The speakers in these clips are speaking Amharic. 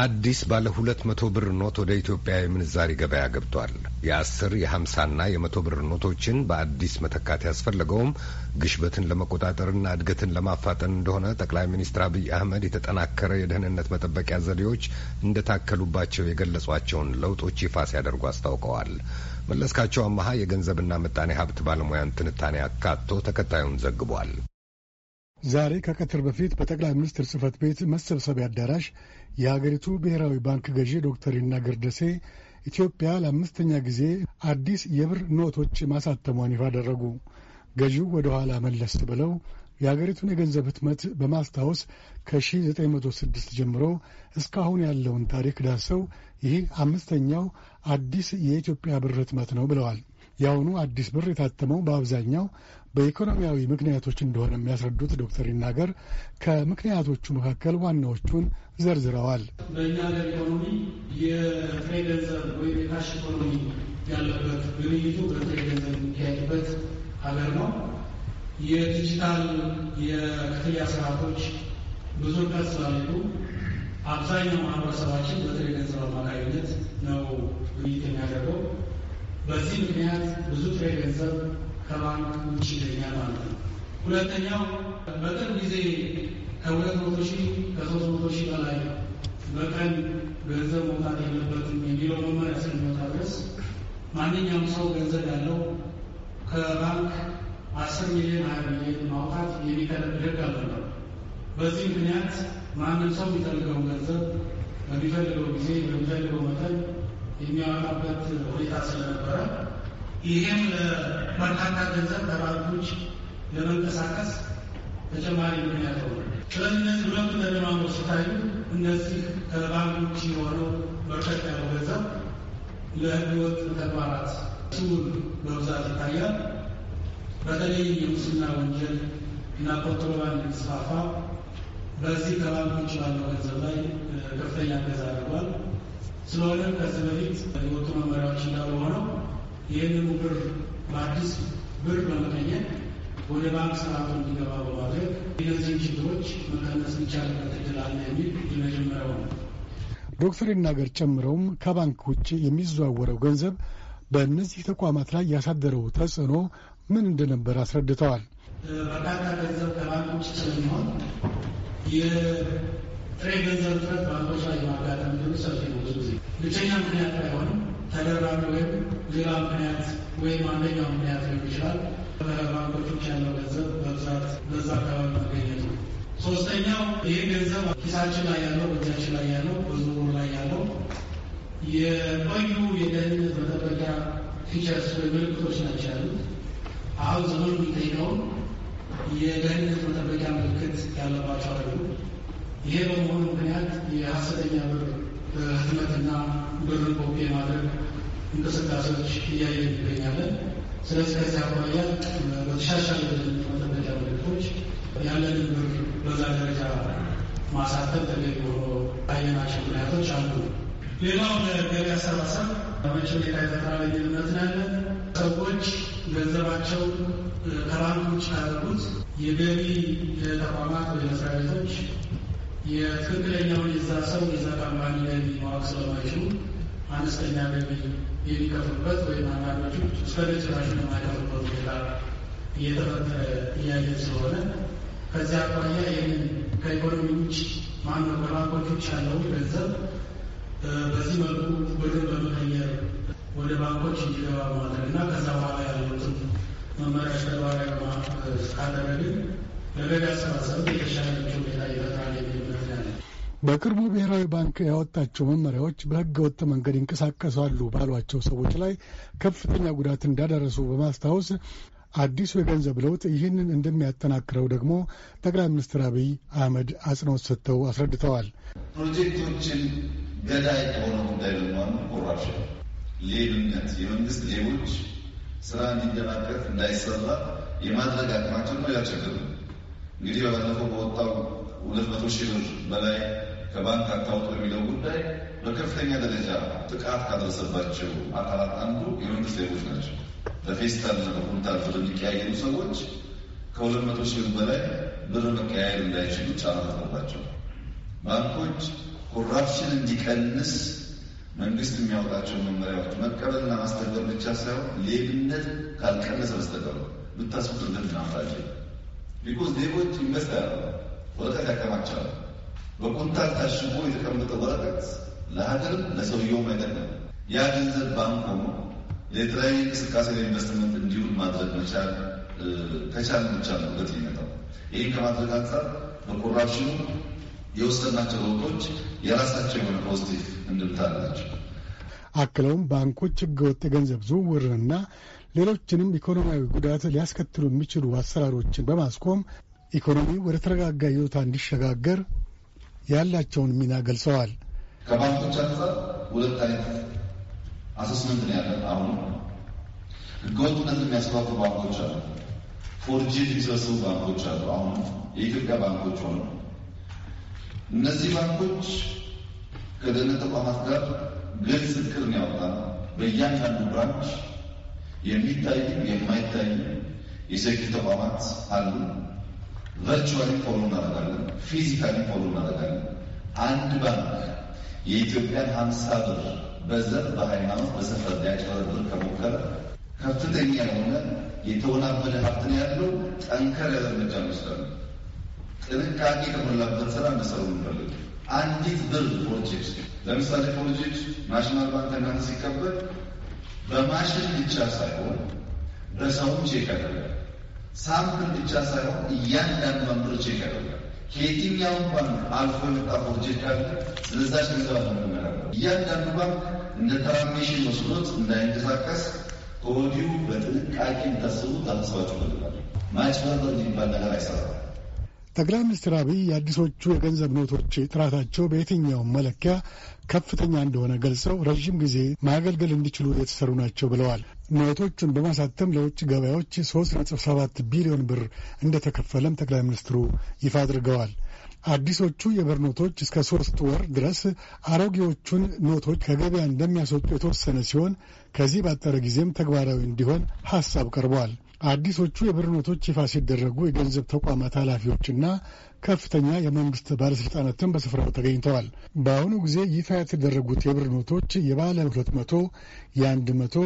አዲስ ባለ ሁለት መቶ ብር ኖት ወደ ኢትዮጵያ የምንዛሪ ገበያ ገብቷል። የአስር የሀምሳና የመቶ ብር ኖቶችን በአዲስ መተካት ያስፈለገውም ግሽበትን ለመቆጣጠርና እድገትን ለማፋጠን እንደሆነ ጠቅላይ ሚኒስትር አብይ አህመድ የተጠናከረ የደህንነት መጠበቂያ ዘዴዎች እንደታከሉባቸው የገለጿቸውን ለውጦች ይፋ ሲያደርጉ አስታውቀዋል። መለስካቸው አመሀ የገንዘብና ምጣኔ ሀብት ባለሙያን ትንታኔ አካቶ ተከታዩን ዘግቧል። ዛሬ ከቀትር በፊት በጠቅላይ ሚኒስትር ጽህፈት ቤት መሰብሰቢያ አዳራሽ የሀገሪቱ ብሔራዊ ባንክ ገዢ ዶክተር ይናገር ደሴ ኢትዮጵያ ለአምስተኛ ጊዜ አዲስ የብር ኖቶች ማሳተሟን ይፋ አደረጉ። ገዢው ወደ ኋላ መለስ ብለው የአገሪቱን የገንዘብ ህትመት በማስታወስ ከ1906 ጀምሮ እስካሁን ያለውን ታሪክ ዳሰው ይህ አምስተኛው አዲስ የኢትዮጵያ ብር ህትመት ነው ብለዋል። የአሁኑ አዲስ ብር የታተመው በአብዛኛው በኢኮኖሚያዊ ምክንያቶች እንደሆነ የሚያስረዱት ዶክተር ይናገር ከምክንያቶቹ መካከል ዋናዎቹን ዘርዝረዋል። በእኛ ሀገር ኢኮኖሚ የጥሬ ገንዘብ ወይም የካሽ ኢኮኖሚ ያለበት ግብይቱ በጥሬ ገንዘብ የሚካሄድበት ሀገር ነው። የዲጂታል የክፍያ ስርዓቶች ብዙ ርቀት ስላሉ አብዛኛው ማህበረሰባችን በጥሬ ገንዘብ አማካኝነት ነው ግብይት የሚያደርገው። በዚህ ምክንያት ብዙ ጥሬ ገንዘብ ከባንክ ውጭ ይገኛል ማለት ነው። ሁለተኛው በቅርብ ጊዜ ከሁለት መቶ ሺህ ከሶስት መቶ ሺህ በላይ በቀን ገንዘብ መውጣት የለበትም የሚለው መመሪያ እስከሚወጣ ድረስ ማንኛውም ሰው ገንዘብ ያለው ከባንክ አስር ሚሊዮን ሀያ ሚሊዮን ማውጣት የሚከለክል ሕግ አልነበረም። በዚህ ምክንያት ማንም ሰው የሚፈልገውን ገንዘብ በሚፈልገው ጊዜ በሚፈልገው መጠን የሚያወጣበት ሁኔታ ስለነበረ ይህም በርካታ ገንዘብ ለባንኮች ለመንቀሳቀስ ተጨማሪ ምክንያት ሆነ። ስለዚህ እነዚህ ሁለቱ ተደማምረው ሲታዩ እነዚህ ከባንኮች የሆነው በርከት ያለው ገንዘብ ለህገወጥ ተግባራት ሲውል በብዛት ይታያል። በተለይ የሙስና ወንጀል እና ኮንትሮባንድ እንዲስፋፋ በዚህ ከባንኮች ባለው ገንዘብ ላይ ከፍተኛ ገዛ አድርጓል። ስለሆነ ከዚህ በፊት የወጡ መመሪያዎች እንዳሉ ሆነው ይህንኑ ብር በአዲስ ብር በመቀየር ወደ ባንክ ስርዓቱ እንዲገባ በማድረግ እነዚህን ችግሮች መቀነስ ይቻልበት እድል አለ የሚል የመጀመሪያው ነው። ዶክተር ይናገር ጨምረውም ከባንክ ውጭ የሚዘዋወረው ገንዘብ በእነዚህ ተቋማት ላይ ያሳደረው ተጽዕኖ ምን እንደነበር አስረድተዋል። በርካታ ገንዘብ ከባንክ ውጭ ስለሚሆን ጥሬ ገንዘብ ጥረት ባንኮች የማጋጠም ግን ሰፊ ነው። ብዙ ጊዜ ብቸኛ ምክንያት አይሆንም። ተደራሚ ወይም ሌላ ምክንያት ወይም አንደኛው ምክንያት ሊሆን ይችላል። ባንኮች ውጭ ያለው ገንዘብ በብዛት በዛ አካባቢ መገኘት ነው። ሶስተኛው ይህ ገንዘብ ኪሳችን ላይ ያለው በእጃችን ላይ ያለው በዝውውር ላይ ያለው የቆዩ የደህንነት መጠበቂያ ፊቸርስ ወይ ምልክቶች ናቸው ያሉት። አሁን ዘመኑ የሚጠይቀውን የደህንነት መጠበቂያ ምልክት ያለባቸው አሉ። ይሄ በመሆኑ ምክንያት የሀሰተኛ ብር ህትመትና ብር ኮፒ ማድረግ እንቅስቃሴዎች እያየ ይገኛለን። ስለዚህ ከዚህ አኳያ በተሻሻሉ መጠበቂያ ምልክቶች ያለንን ብር በዛ ደረጃ ማሳተፍ ተገቢ ሆኖ አየናቸው ምክንያቶች አንዱ ነው። ሌላው ለገቢ አሰባሰብ በመቼ ሁኔታ ይፈጥራል የሚል ያለን። ሰዎች ገንዘባቸው ከባንኮች ውጭ ካደረጉት የገቢ ተቋማት ወይ መስሪያ ቤቶች የትክክለኛውን የዛ ሰው የዛ ካምፓኒ ገቢ ማወቅ ስለማይችሉ አነስተኛ ገቢ የሚከፍሉበት ወይም አንዳንዶቹ እስከ ጭራሽ የማይከፍሉበት ሁኔታ እየተፈጠረ እያየ ስለሆነ ከዚያ አኳያ ይህንን ከኢኮኖሚ ውጭ ማን ከባንኮች ውጭ ያለውን ገንዘብ በዚህ መልኩ ብርን በመቀየር ወደ ባንኮች እንዲገባ በማድረግ እና ከዛ በኋላ ያሉትን መመሪያ ተግባራዊ ካደረግን በቅርቡ ብሔራዊ ባንክ ያወጣቸው መመሪያዎች በሕገ ወጥ መንገድ ይንቀሳቀሳሉ ባሏቸው ሰዎች ላይ ከፍተኛ ጉዳት እንዳደረሱ በማስታወስ አዲሱ የገንዘብ ለውጥ ይህንን እንደሚያጠናክረው ደግሞ ጠቅላይ ሚኒስትር አብይ አህመድ አጽንኦት ሰጥተው አስረድተዋል። ፕሮጀክቶችን ገዳይ ከሆነ ጉዳይ በመሆኑ ኮራፕሽን፣ ሌብነት የመንግስት ሌቦች ስራ እንዲደናቀፍ እንዳይሰራ የማድረግ አቅማቸው ነው ያቸግሩ እንግዲህ በባለፈው በወጣው ሁለት መቶ ሺህ ብር በላይ ከባንክ አታውጡ የሚለው ጉዳይ በከፍተኛ ደረጃ ጥቃት ካደረሰባቸው አካላት አንዱ የመንግስት ዜጎች ናቸው። በፌስታል እና በኩንታል ብር የሚቀያየሩ ሰዎች ከሁለት መቶ ሺህ ብር በላይ ብር መቀያየር እንዳይችሉ ጫና ተጥሎባቸው ባንኮች ኮራፕሽን እንዲቀንስ መንግስት የሚያወጣቸው መመሪያዎች መቀበልና ማስተግበር ብቻ ሳይሆን ሌብነት ካልቀነሰ በስተቀር ብታስቁጥር ግን ቢኮዝ ሌቦች ይመስላል ወረቀት ያከማቻሉ። በቁንታል ታሽጎ የተቀመጠ ወረቀት ለሀገርም ለሰውየውም አይደለም። ያ ገንዘብ ባንክ ሆኖ ለተለያዩ እንቅስቃሴ ለኢንቨስትመንት እንዲሁን ማድረግ መቻል ከቻል ብቻ ነው በት ይመጣው። ይህን ከማድረግ አንጻር በኮራፕሽኑ የወሰናቸው ለውጦች የራሳቸው የሆነ ፖዚቲቭ እንድምታ አላቸው። አክለውም ባንኮች ህገወጥ የገንዘብ ዝውውርንና ሌሎችንም ኢኮኖሚያዊ ጉዳት ሊያስከትሉ የሚችሉ አሰራሮችን በማስቆም ኢኮኖሚ ወደ ተረጋጋ ይዞታ እንዲሸጋገር ያላቸውን ሚና ገልጸዋል። ከባንኮች አንጻር ሁለት አይነት አሰስመንት ነው ያለ። አሁን ህገወጥነት የሚያስፋፉ ባንኮች አሉ፣ ፎርጂ የሚሰበስቡ ባንኮች አሉ። አሁን የኢትዮጵያ ባንኮች ሆኑ እነዚህ ባንኮች ከደህንነት ተቋማት ጋር ግልጽ እቅድ ያወጣ በእያንዳንዱ ብራንች የሚታዩ የማይታዩ የሴኪሪቲ ተቋማት አሉ። ቨርቹዋሊ ፎሎ እናደርጋለን፣ ፊዚካሊ ፎሎ እናደርጋለን። አንድ ባንክ የኢትዮጵያን ሀምሳ ብር በዘር በሃይማኖት በሰፈር ሊያጭበረብር ብር ከሞከረ ከፍተኛ የሆነ የተወናበደ ሀብት ነው ያለው። ጠንከር ያለ እርምጃ ይወስዳሉ። ጥንቃቄ ከሞላበት ስራ መሰሩ እንፈልግ። አንዲት ብር ፕሮጀክት ለምሳሌ ፕሮጀክት ናሽናል ባንክ እናንተ ሲቀበል በማሽን ብቻ ሳይሆን በሰውም ቼክ ያደርጋል። ሳምፕል ብቻ ሳይሆን እያንዳንዱ መምሮ ቼክ ያደርጋል። ከየትኛውም ባንክ አልፎ የመጣ ፕሮጀክት አለ። ስለዛች ገንዘብ ለምንመለከው እያንዳንዱ ባንክ እንደ ትራንስሚሽን ወስዶት እንዳይንቀሳቀስ ከወዲሁ በጥንቃቄ እንታስቡ ታስባችሁ ፈልጋል። ማጭበርበር የሚባል ነገር አይሰራም። ጠቅላይ ሚኒስትር አብይ የአዲሶቹ የገንዘብ ኖቶች ጥራታቸው በየትኛውም መለኪያ ከፍተኛ እንደሆነ ገልጸው ረዥም ጊዜ ማገልገል እንዲችሉ የተሰሩ ናቸው ብለዋል። ኖቶቹን በማሳተም ለውጭ ገበያዎች 3.7 ቢሊዮን ብር እንደተከፈለም ጠቅላይ ሚኒስትሩ ይፋ አድርገዋል። አዲሶቹ የብር ኖቶች እስከ ሶስት ወር ድረስ አሮጌዎቹን ኖቶች ከገበያ እንደሚያስወጡ የተወሰነ ሲሆን ከዚህ ባጠረ ጊዜም ተግባራዊ እንዲሆን ሀሳብ ቀርቧል። አዲሶቹ የብር ኖቶች ይፋ ሲደረጉ የገንዘብ ተቋማት ኃላፊዎችና ከፍተኛ የመንግስት ባለሥልጣናትን በስፍራው ተገኝተዋል። በአሁኑ ጊዜ ይፋ የተደረጉት የብር ኖቶች የባለ ሁለት መቶ የአንድ መቶ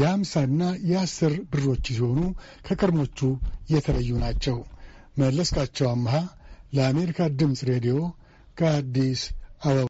የሀምሳና የአስር ብሮች ሲሆኑ ከቀድሞቹ የተለዩ ናቸው። መለስካቸው አምሃ ለአሜሪካ ድምፅ ሬዲዮ ከአዲስ አበባ